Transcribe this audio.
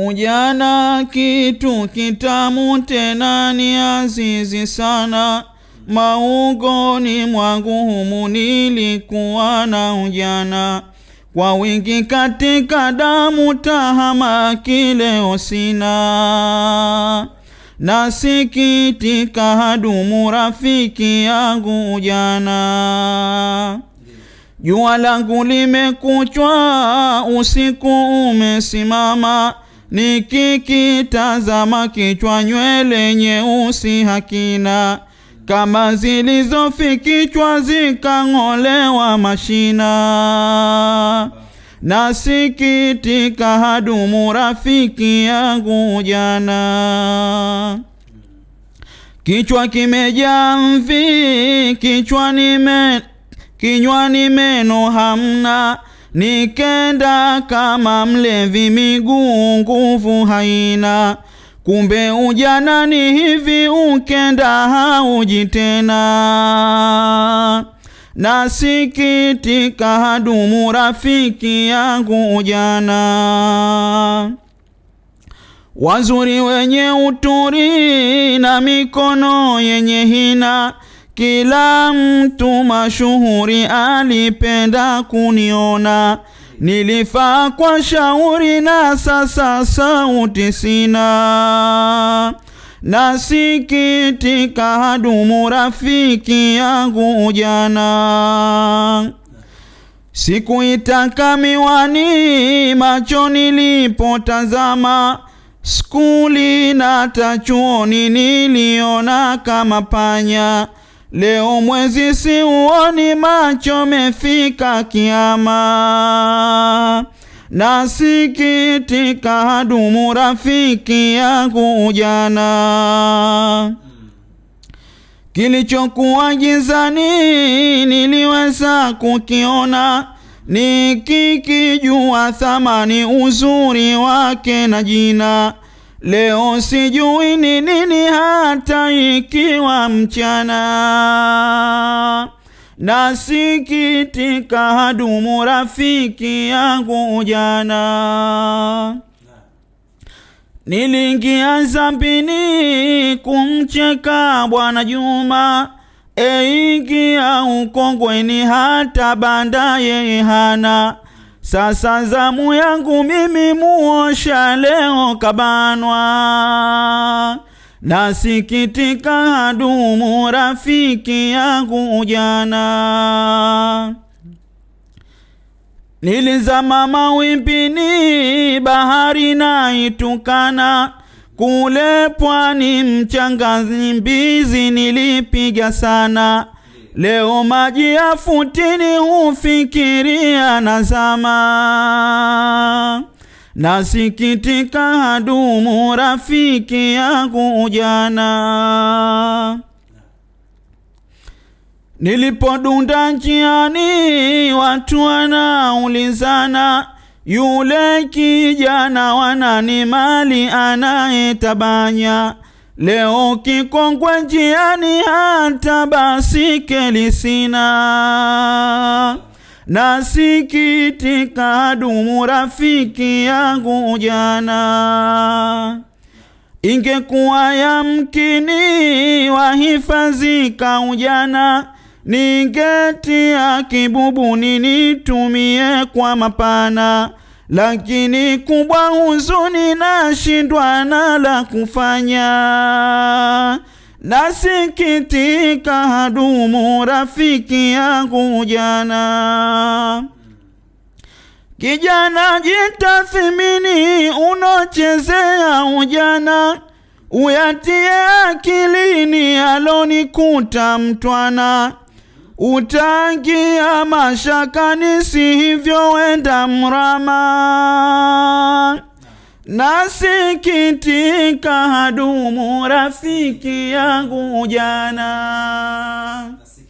Ujana kitu kitamu tena ni azizi sana, maungoni mwangu humu nilikuwa na ujana kwa wingi katika damu, tahamaki leo sina. Nasikitika hadumu rafiki yangu ujana. Jua langu limekuchwa, usiku umesimama nikikitazama kichwa nywele nyeusi hakina kama zilizofikichwa zikang'olewa mashina. Nasikitika hadumu rafiki yangu jana, kichwa kimejaa mvi, kichwa nime kinywani meno hamna Nikenda kama mlevi, miguu nguvu haina, kumbe ujana ni hivi ukenda hauji tena. Nasikitika hadumu rafiki yangu ujana, wazuri wenye uturi na mikono yenye hina kila mtu mashuhuri alipenda kuniona, nilifaa kwa shauri na sasa sauti sina. Nasikitika hadumu rafiki yangu ujana, sikuitaka miwani macho nilipotazama skuli na tachuoni niliona kama panya Leo mwezi si uoni macho mefika kiama. Nasikitika hadumu rafiki yangu ujana. Kilichokuwa gizani niliweza kukiona, nikikijua thamani uzuri wake na jina Leo sijui ni nini hata ikiwa mchana, nasikitika hadumu rafiki yangu jana. Niliingia zambini kumcheka Bwana Juma, eingia ukongweni hata banda yeye hana sasa zamu yangu mimi muosha, leo kabanwa. Nasikitika hadumu rafiki yangu jana, nilizama mawimbini, bahari naitukana kule pwani, mchanga mbizi nilipiga sana Leo maji ya futini hufikiria na zama, nasikitika hadumu rafiki yangu ujana. Nilipodunda njiani, watu wanaulizana, yule kijana wanani mali anayetabanya Leo kikongwe njiani, hata basikeli sina, nasikitika dumu rafiki yangu jana. Ingekuwa yamkini wahifadhika ujana, ningetia kibubuni nitumie kwa mapana lakini kubwa huzuni, nashindwa na la kufanya, nasikitika hadumu rafiki yangu jana. Kijana jitathimini, unochezea ujana, uyatie akilini alonikuta mtwana utangia mashakani, si hivyo wenda mrama, nasikitika hadumu rafiki yangu jana.